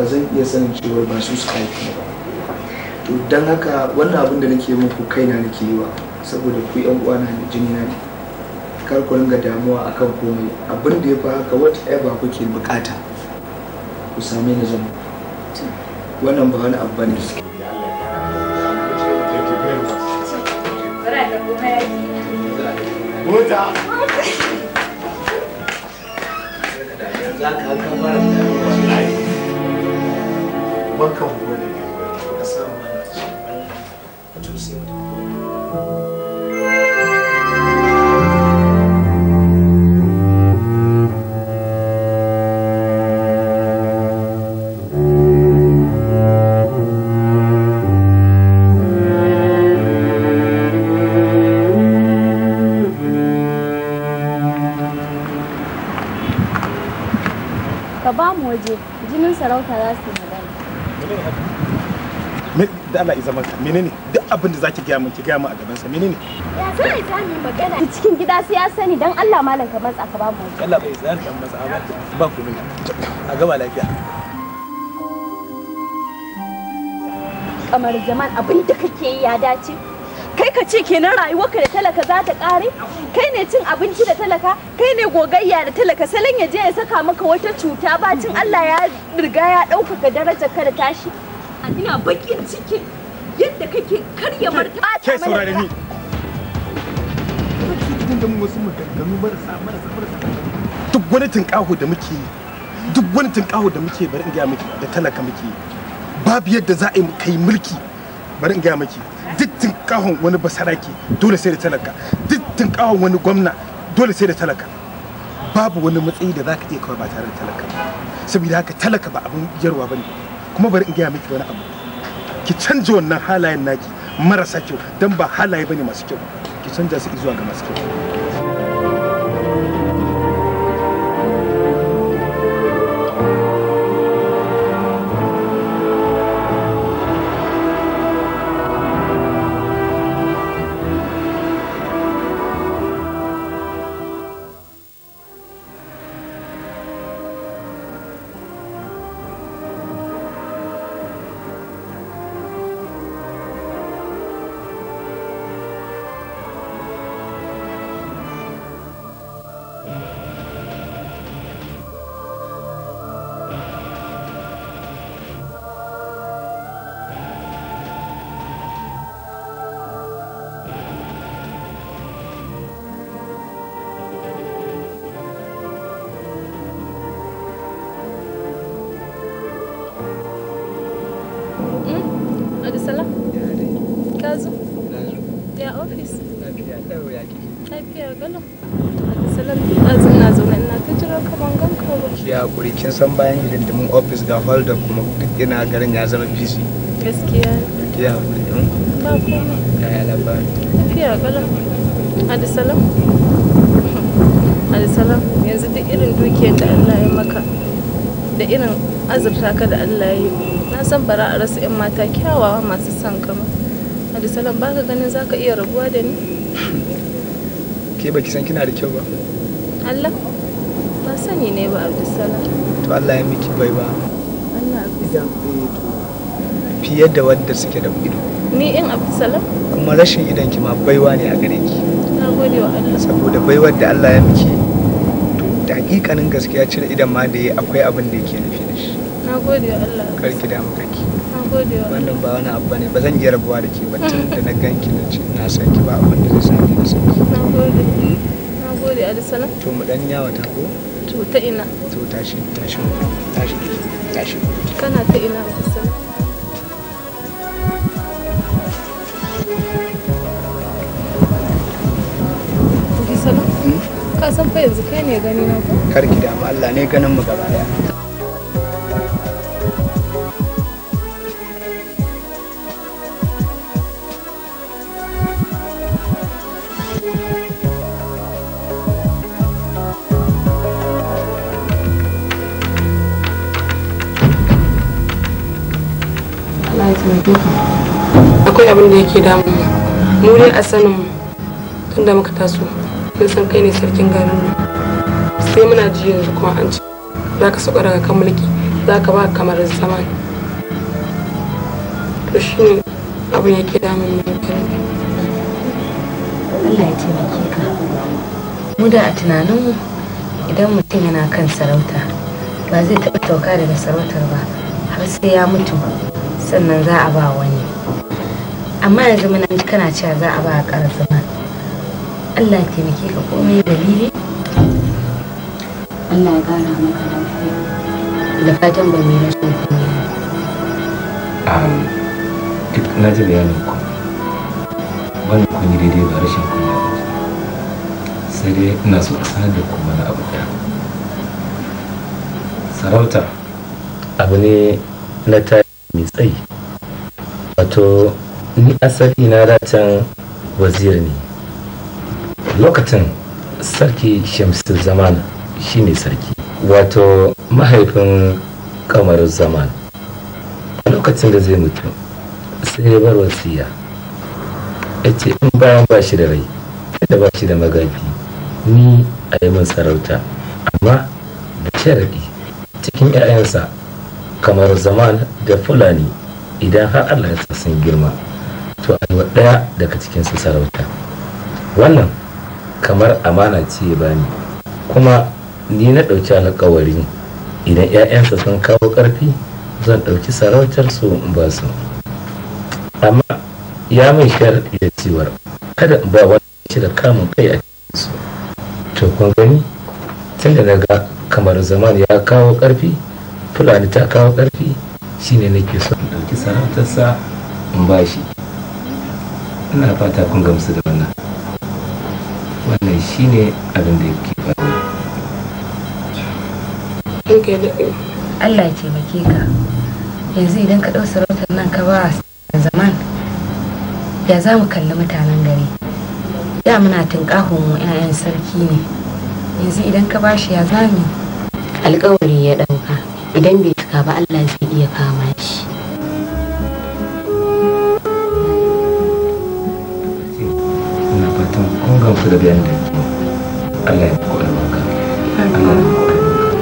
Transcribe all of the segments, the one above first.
ba zan iya sanin cewar ba su suka haifi ba to don haka wannan abin da nake muku kaina nake yi wa saboda ku yan uwana ne jini ne kar ku ringa damuwa akan komai abin da ya fi haka whatever kuke bukata ku same ni zama wannan ba wani abu bane bankan gobe da ka mana ka ba mu waje jinin sarauta za su yi da Allah ya zama menene duk abin da zaki gaya min ki gaya min a gaban sa menene ya sai ta ni magana cikin gida sai ya sani dan Allah malam ka matsa ka ba mu Allah bai zan dan matsa ba ba ku ne a gaba lafiya kamar zaman abin da kake yi ya dace kai ka ce kenan rayuwarka da talaka za ta kare kai ne cin abinci da talaka kai ne gogayya da talaka salon ya je ya saka maka wata cuta ba cin Allah ya riga ya ɗaukaka darajar ka da tashi ina bakin ciki yadda kake karya martaba ke saurare ni duk wani tunƙaho da muke duk wani tunƙaho da muke bari in gaya miki da talaka muke babu yadda za a yi kai mulki bari in gaya miki duk tunƙahon wani basaraki dole sai da talaka duk tinkawan wani gwamna dole sai da talaka babu wani matsayi da ka iya kawai ba tare da talaka saboda haka talaka ba abin yarwa bane kuma bari in gaya miki wani abu ki canja wannan halayen naki marasa kyau dan ba halaye bane masu kyau ki canja su zuwa ga masu kyau ofis lafiya jira kawo ki hakuri kin san bayan gidan dimin ofis ga holda kuma duk ina garin ya zama busy gaskiya ki hmm? ba komai ya labari lafiya galo adisalam adisalam yanzu duk irin dukiyar da Allah ya maka da irin azurta ka da Allah ya yi na san bara a rasa 'yan mata kyawawa masu son kama Muhammadu Salam ba ka ganin za ka iya rabuwa da ni? Ke ba ki san kina da kyau ba? Allah? Ba sani ne ba Salam. To Allah ya miki bai ba. Allah ya eh, fiye da wadda suke da ido. Ni in Salam? Kuma rashin idan ki ma baiwa ne a gare ki. Na gode wa Allah. Saboda baiwar da Allah ya miki to da hakikanin gaskiya cire idan ma da ya akwai abin da yake nufi da shi. Na gode wa Allah. Karki da mu kake. wannan ba wani abu bane ba zan iya rabuwa da ke ba tun da na ganki na ce na san ki ba abin da zai sa ki na san ki nagode hmm? nagode alisala to mu dan yawa ta ko to ta ina to tashi tashi tashi tashi kana ta ina alisala hmm? ka san fa yanzu kai ne gani na ko kar ki damu Allah ne ganin mu gaba daya akwai abin da yake damu mu dai a sanin mu tun da muka taso mun san kai ne sarkin garin sai muna ji yanzu kuma an ce za ka sauka daga kan mulki za ka ba kamar zaman to shi ne abin yake damun mu Allah ya taimake ka mu da a tunaninmu idan mutum yana kan sarauta ba zai taɓa tauka daga sarautar ba har sai ya mutu sannan za a ba wani amma yanzu muna kana cewa za a ba a ƙara ba allah taimake ka komai dalili allah ya gara maka lafiya da fatan ba mai rashin kunya duk na ji bayanin ku wannan kun yi daidai ba rashin kunya ba sai dai ina so a sanar da ku na abu sarauta abu ne na tarihi mai tsayi wato ni asali na datan wazir ne lokacin sarki shamsu zaman shi ne sarki wato mahaifin kamar zaman a lokacin da zai mutu sai ya bar wasiya ya ce in bayan ba shi da rai da ba shi da magafi ni a yi min sarauta amma da sharaɗi cikin 'ya'yansa kamar zaman da fulani idan har allah ya sun girma to a wa ɗaya daga cikinsu sarauta wannan kamar amana ce ya bani kuma ni na ɗauki alkawari idan 'ya'yansa sun kawo ƙarfi zan ɗauki sarautar su in ba su amma ya mai sharaɗi da cewar kada in ba wani shi da kamun kai a cikinsu to kun gani tun da na ga kamar zaman ya kawo ƙarfi fulani ta kawo ƙarfi shine nake so in ɗauki sarautarsa in ba shi ina fata kun gamsu da wannan wannan shine abin da yake faru Allah ya taimake ka yanzu idan ka ɗau sarautar nan ka ba zaman ya za mu kalli mutanen gari da muna tunƙahon 'ya'yan sarki ne yanzu idan ka ba shi ya zami alƙawari ya ɗan idan bai cika ba Allah zai iya kama shi ina fatan kun gamsu da biyan da ke Allah ya ku albarka Allah ya ku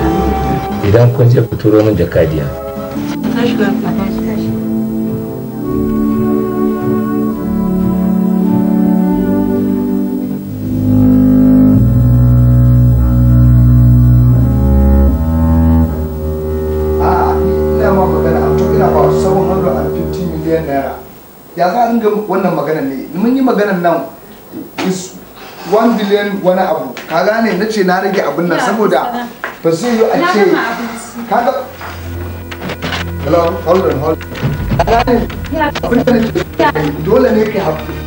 albarka idan kun je ku turo min jakadiya tashi ga tashi ya za a ringa wannan maganar ne mun yi maganar nan is 1 billion wani abu ka gane na ce na rage abin nan saboda ba zai yi a ce kaga hello hold on hold on ka gane abin da nake dole ne yi haƙuri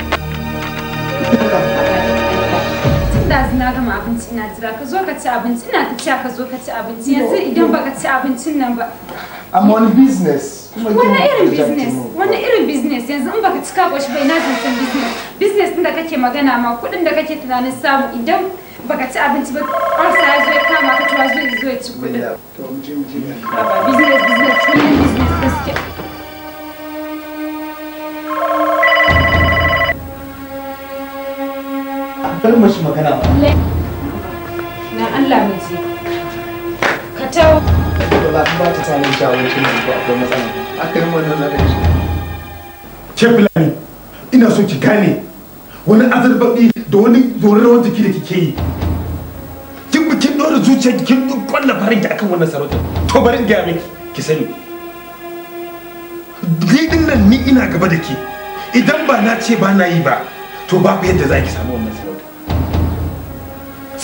ka gama abinci na jira ka zo ka ci abinci na ta ciya ka zo ka ci abinci yanzu idan ba ka ci abincin nan ba I'm on business wani irin business wani irin business yanzu in baka ci ka goshi bai na san business business din da kake magana ma kudin da kake tunanin samu idan baka ci abinci ba ƙwarsa ya zo ya kama ka tuwa zo ya zo ya ci kudin. to mu je kuɗin. Ba business business business business bari mu shi magana ba na Allah mu ka tawo ba ba ta tsanin shawarar kin ba akwai matsala akan wannan zaka shi ke fulani ina so ki gane wani azurbaɓi da wani zorar jiki da kike yi kin bi kin dora zuciya kin kwalla farin ki akan wannan sarautar to bari in gaya miki ki sani ni nan ni ina gaba da ke idan ba na ce ba na yi ba to babu yadda za ki samu wannan sarautar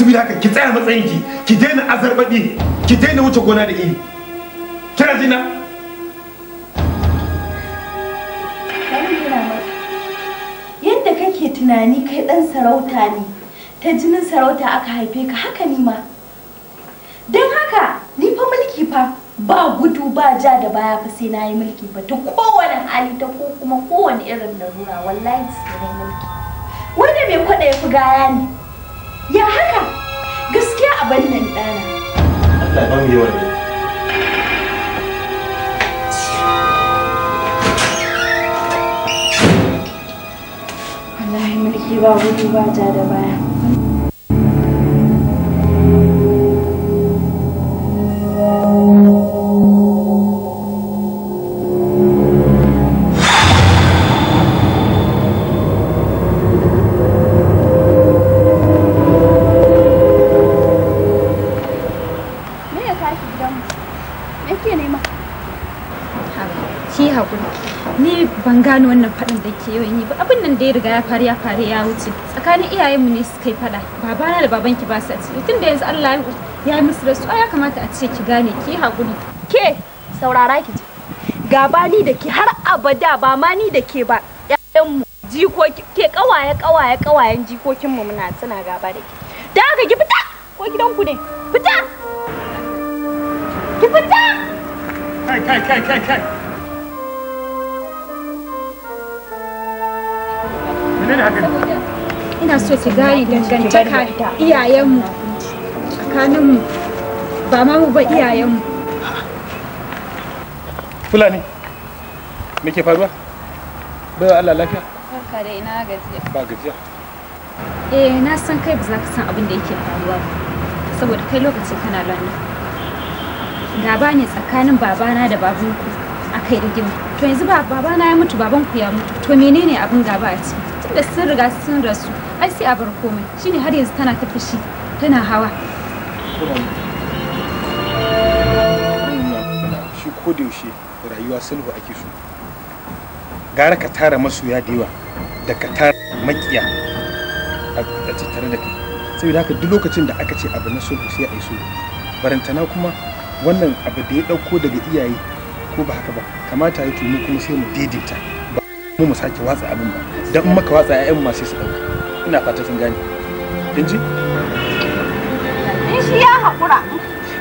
saboda haka ki tsaya matsayin ki ki daina azarbaɗi ki daina wuce gona da iri kira jina yadda kake tunani kai dan sarauta ne ta jinin sarauta aka haife ka haka ni ma don haka ni fa mulki fa ba gudu ba ja da baya fa sai na yi mulki fa ta kowane hali ta ko kuma kowane irin larura wallahi sai na yi mulki wanda bai kwada ya fi gaya ne ya haka gaskiya a bannan ɗana Allah ya ba mu mulki ba gudu ba ta da baya gano wannan faɗin da ke yawan yi ba abin nan da ya riga ya faru ya faru ya wuce tsakanin iyayenmu ne suka yi faɗa babana da babanki ba su a ciki tun da yanzu Allah ya yi musu rasu ya kamata a ce ki gane ki haƙuri ke saurara ki ji gaba ni da ke har abada ba ma ni da ke ba ƴaƴanmu jikoki ke kawaye kawaye kawayen jikokinmu muna suna gaba da ke da haka ki fita ko gidanku ne fita ki fita kai kai kai kai kai ina so ki gane dangantaka da iyayenmu tsakaninmu ba ma mu ba iyayenmu fulani me ke faruwa bai Allah lafiya barka da ina gajiya ba gajiya eh na san kai ba za ka san abin da yake faruwa ba saboda kai lokacin kana lani gaba ne tsakanin babana da babanku aka yi rigima to yanzu babana ya mutu babanku ya mutu to menene abin gaba a ciki tunda sun riga sun rasu ai sai a bar komai shine har yanzu tana ta fushi tana hawa shi ko da yaushe rayuwa sulhu ake so gara ka tara masoya da yawa da ka tara makiya a tattare da kai saboda haka duk lokacin da aka ce abu na sulhu sai a yi sulhu barantana kuma wannan abu da ya ɗauko daga iyaye ko ba haka ba kamata ya tuni kuma sai mu daidaita mu mu sake watsa abin ba dan in maka watsa ƴaƴan ma sai su dauka ina fata kin gane kin ji in shi ya hakura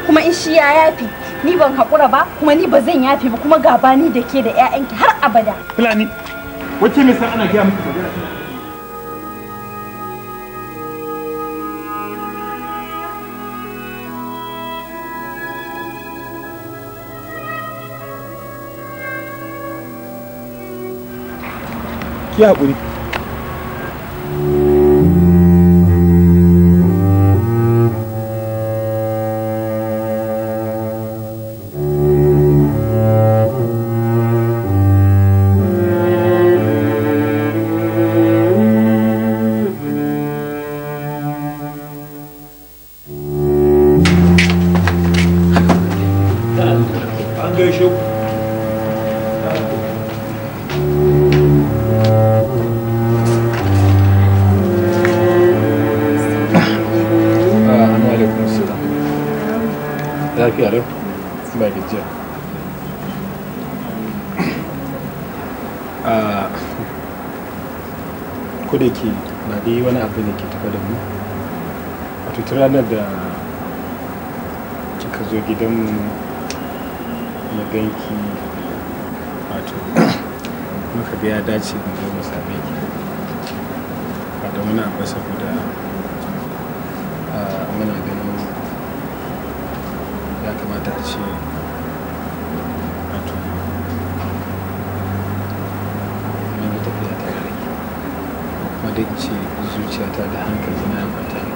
kuma in shi ya yafi ni ban hakura ba kuma ni ba zan yafi ba kuma gabani da ke da ƴaƴanki har abada fulani wace me sai ana ga miki magana ki haƙuri ranar da kika zo gidanmu na ganki wato muka ga ya dace mu zo mu same ki ba da wani abu saboda muna ganin ya kamata a ce wato mun yi tafiya tare da ki kuma duk ce zuciyata da hankali na mata ne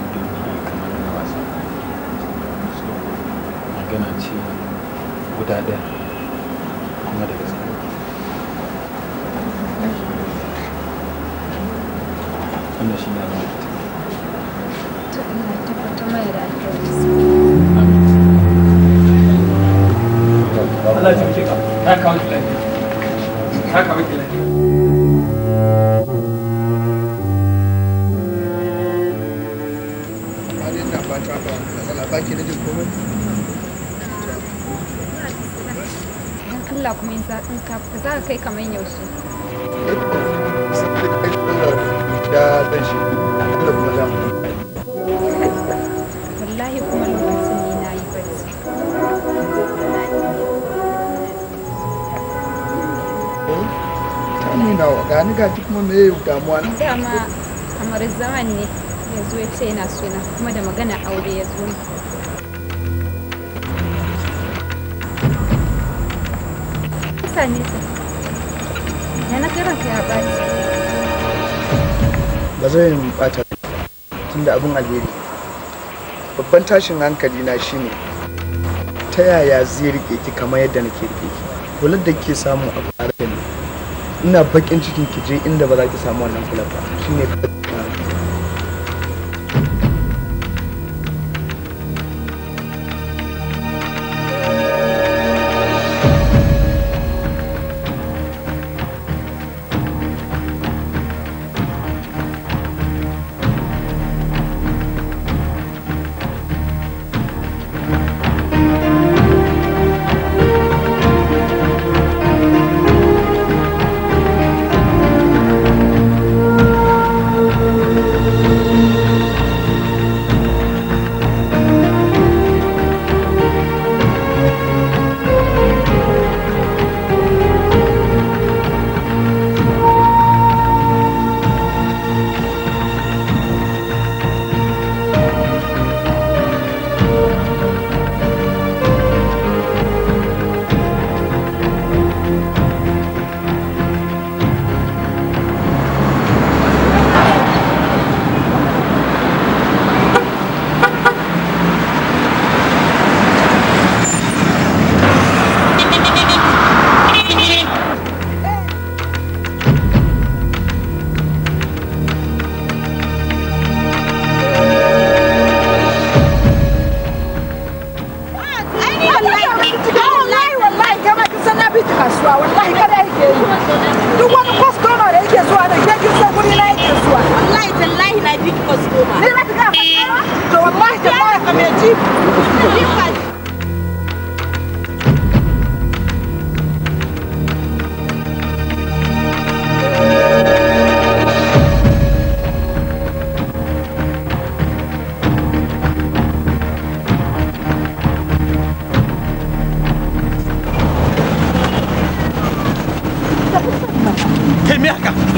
guda ɗaya kuma da gaske wannan shi ne abin ta kawo ki lafiya, ta kawo ki lafiya. ba ta ba matsala ba ki da jin komai sallah kuma in ka fita za ka kai kamar yaushe wallahi kuma ta kuma damuwa na dama kamar zaman ne ya zo ya ce yana suna kuma da magana aure ya zo haka ne yana kiran ka ya ɓaci ba zan yi ɓata tunda abin alheri babban tashin hankali na shi ne. ta yaya zai rike ki kamar yadda nake rike ki kular da ke samu a bare ina bakin cikin ki je inda ba za ki samu wannan kular ba shine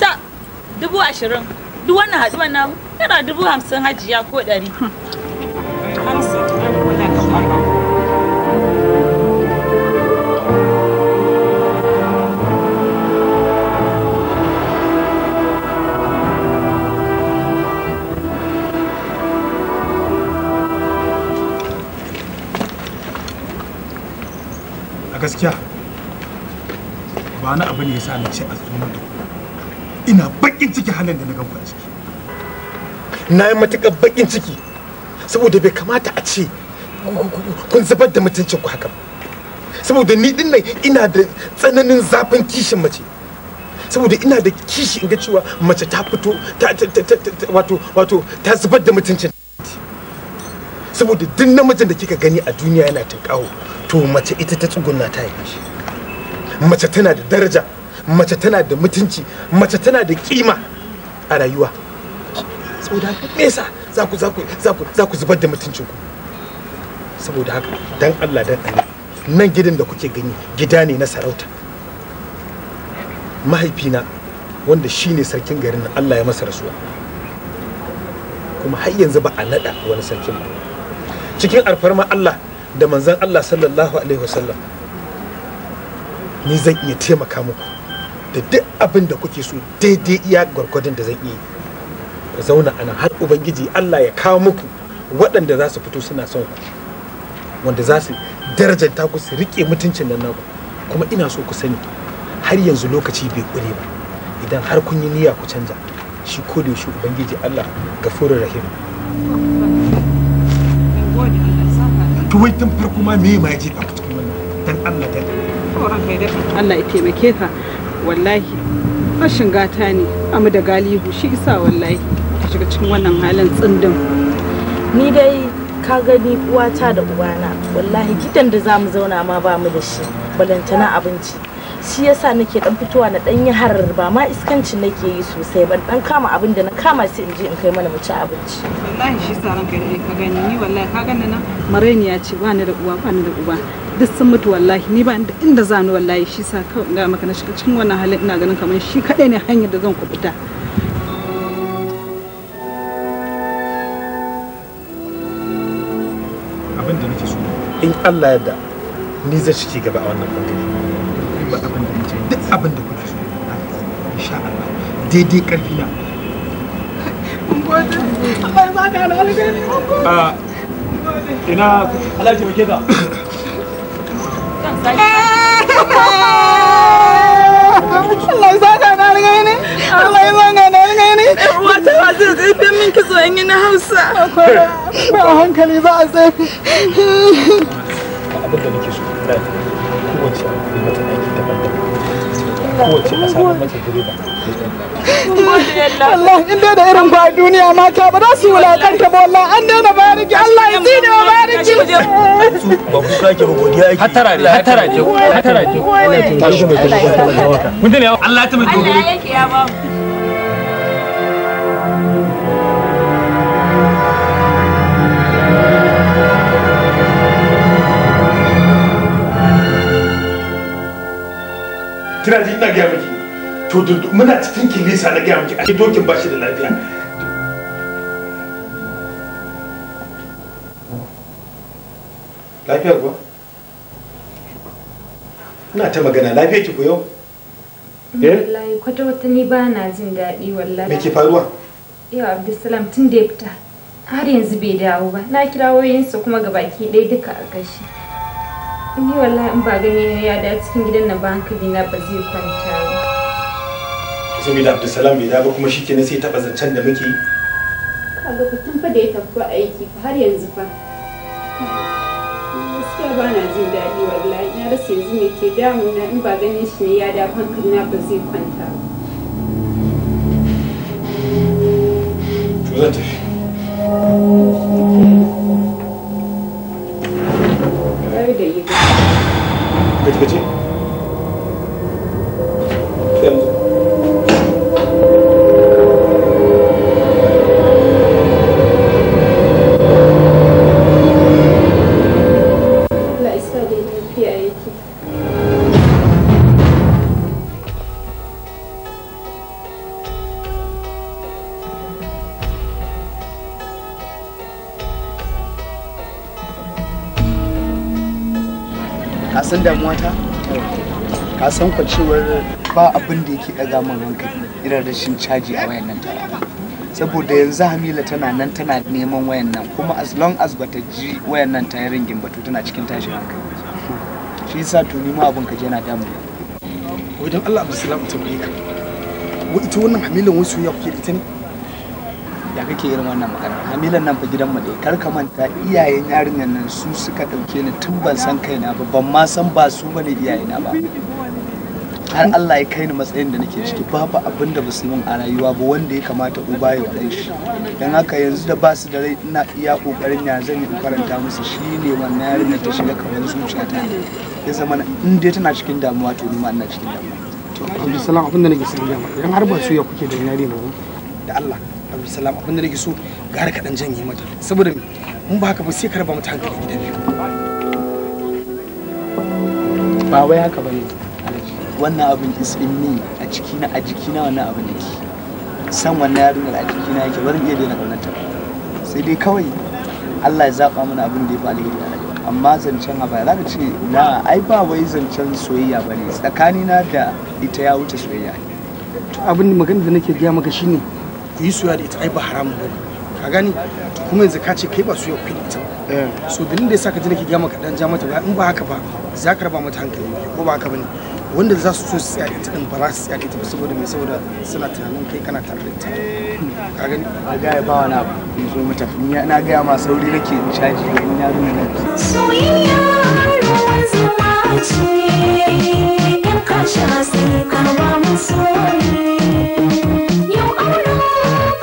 ta dubu ashirin dubu hamsin ko ɗari hmm. gaskiya ba na abu ne ya sa na ce a tsunan da ina bakin ciki halin da na gan a ciki na yi matuƙar bakin ciki saboda bai kamata a ce kun zubar da mutuncin ku haka saboda ni din nan ina da tsananin zafin kishin mace saboda ina da kishi in ga cewa mace ta fito ta wato wato ta zubar da mutuncin saboda duk namijin da kika gani a duniya yana tinkawo to mace ita ta tsugunna ta yi mace tana da daraja mace tana da mutunci mace tana da kima a rayuwa saboda haka me yasa za ku za ku za ku za ku zubar da mutuncin ku saboda haka dan Allah dan Allah nan gidan da kuke gani gida ne na sarauta mahaifina wanda shine sarkin garin nan Allah ya masa rasuwa kuma har yanzu ba a nada wani sarkin ba cikin alfarma Allah da manzon Allah sallallahu alaihi wasallam ni zan iya taimaka muku da duk abin da kuke so daidai iya gwargwadon da zan iya ku zauna a nan har ubangiji Allah ya kawo muku waɗanda za su fito suna son ku wanda za su darajanta ku su riƙe mutuncin nan naku kuma ina so ku sani har yanzu lokaci bai ƙure ba idan har kun yi niyya ku canja shi ko da shi ubangiji Allah gafurur rahim tuwai tun farko ma me ma yaje cikin wannan dan Allah ta Allah ya taimake ka wallahi rashin gata ne amu da galihu shi isa wallahi ta shiga cikin wannan halin tsindin ni dai ka gani uwata da ubana wallahi gidan da za mu zauna ma ba mu da shi balantana abinci shi yasa nake dan fitowa na dan yi harar ba ma iskancin nake yi sosai ban dan kama abin da na kama sai in je in kai mana mu ci abinci wallahi shi sa ranka ne ka gani ni wallahi ka gani na maraini ya ce ba ni da uwa ba ni da uba duk sun mutu wallahi ni ba inda inda za ni wallahi shi sa kawai ga maka na shiga cikin wannan halin ina ganin kamar shi kadai ne hanyar da zan kubuta abin da nake so in Allah ya da ni zai shi gaba a wannan bangare ba abin da nake duk abin da kuke so insha Allah daidai karfi na ah, ina Alhaji Makeda Allah ya saka saka kitso in yi na Hausa hankali a tsaye abin da nake mata aiki daban-daban kowace da mata direba Allah in dai da irin kwa duniya mata ba za su wulakanta ba wallahi an daina bariki Allah ya tsine wa bariki ba ku ba godiya yake hatara ne hatara ce hatara ce Allah ya Allah yake ya ba mu to muna cikin kilisa na gaya miki ake dokin bashi da lafiya lafiya kuwa ina ta magana lafiya ki ko yau eh? wallahi kwata wata ni ba na jin daɗi wallahi me ke faruwa yau abdulsalam tun da ya fita har yanzu bai dawo ba na kira wayoyinsa kuma ga baki ɗaya duka a kashi ni wallahi in ba gani ya da cikin gidan na ba hankali na ba zai kwanta ba saboda abdulsalam bai dawo kuma shi kenan sai taɓa zancen da muke yi kaga tun fa da ya tafi aiki fa har yanzu fa gaskiya ba na jin daɗi wallahi na rasa yanzu me ke damuna in ba ganin shi ne ya da hankali na ba zai kwanta to zan tafi Gaji gaji? san damuwa ta ka san ku cewar ba abin da yake daga min hankali irin rashin caji a wayannan tara saboda yanzu Hamila tana nan tana neman wayan nan kuma as long as bata ji wayan nan ta yi ba to tana cikin tashin hankali shi yasa to ni ma abin ka je na damu wai dan Allah ba salam tambaye ka wai ita wannan Hamilan wasu ya kuke da ita ne kake irin wannan magana hamilan nan fa gidanmu ne kar ka manta iyayen yarinyar nan su suka dauke ni tun ban san kaina ba ban ma san ba su bane iyayena ba har Allah ya kai ni matsayin da nake ciki babu abin da basu min a rayuwa ba wanda ya kamata uba ya wadai shi dan haka yanzu da basu da rai ina iya kokarin ya zan yi karanta musu shine wannan yarinyar ta shiga kamar ta ya zama in dai tana cikin damuwa to ni ma ina cikin damuwa to Abdulsalam abin da nake son jama'a maka idan har ba su ya kuke da yarinya da Allah Abdul Salam abin da nake so ga har kaɗan janye mata saboda me mun ba haka ba sai karba mata hankali gidan biyu ba wai haka ba ne wannan abin is in me a cikina a jikina wannan abin da ke san wannan yarinyar a jikina yake bari iya daina ƙaunarta sai dai kawai Allah ya zaba mana abin da ya fi alheri amma zancen haba za ka ce na ai ba wai zancen soyayya ba ne tsakanina da ita ya wuce soyayya to abin da magana da nake gaya maka shine ku yi soyayya da ita ai ba haramun bane ka gani to kuma yanzu ka ce kai ba suya ku da ita eh. so dalilin da yasa ka ji nake ga maka dan ja mata ba in ba haka ba za ka raba mata hankali ko ba haka bane wanda za su so su tsaya ita din ba za su tsaya ita ba saboda mai saboda suna tunanin kai kana tare da ita ka gani a gaya ba wani abu in zo mata ni na gaya ma sauri nake in caji domin na nuna nan soyayya ruwan zuma in ka sai ka ba yau aure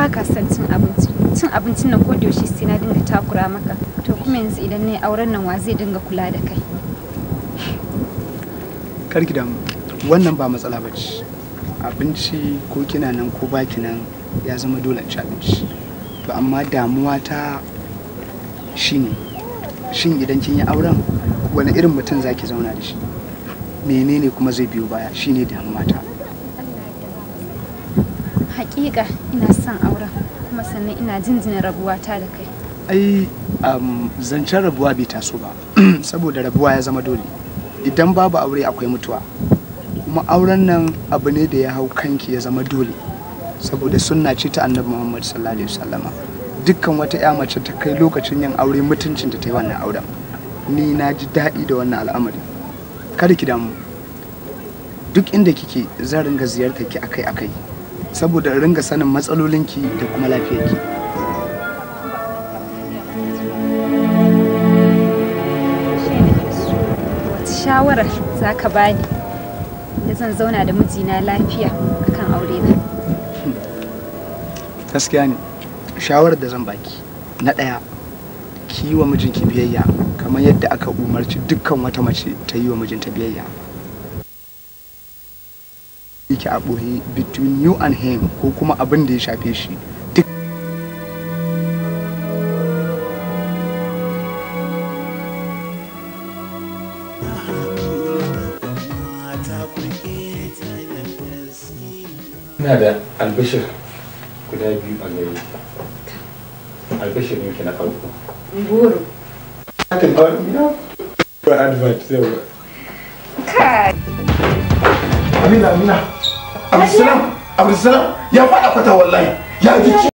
ba ka son cin abinci cin abincin nan ko yaushe sai na dinga takura maka to kuma yanzu idan na auren nan wa zai dinga kula da kai Kar ki damu wannan ba matsala ba ce abinci ko kina nan ko ba nan ya zama dole ci abinci to amma damuwa ta shine shin idan kin yi auren wani irin mutum zaki zauna da shi menene kuma zai biyo baya shine damuwa ta hakika ina son auren kuma sannan ina jinjina rabuwata da kai ai zancen rabuwa bai taso ba saboda rabuwa ya zama dole idan babu aure akwai mutuwa kuma auren nan abu ne da ya hau kanki ya zama dole saboda sunna ce ta annabi muhammad sallallahu alaihi wasallama dukkan wata ya mace ta kai lokacin yin aure mutuncin ta yi wannan auren ni na ji daɗi da wannan al'amari kada ki damu duk inda kike zan ringa ziyartar ki akai-akai saboda ringa sanin matsalolinki da kuma lafiyarki Shawara za ka bani da zan zauna da mijina lafiya akan aure na gaskiya ne shawarar da zan baki na ɗaya ki mijinki biyayya kamar yadda aka umarci dukkan wata mace ta yi wa mijinta biyayya yake a ɓoye between you and him ko kuma abin da ya shafe shi duk ina da albishir guda biyu a gari albishir yake na farko goro hakan ba ba advert zai ba kai amina amina abdulsalam abdulsalam ya faɗa kwata wallahi ya ji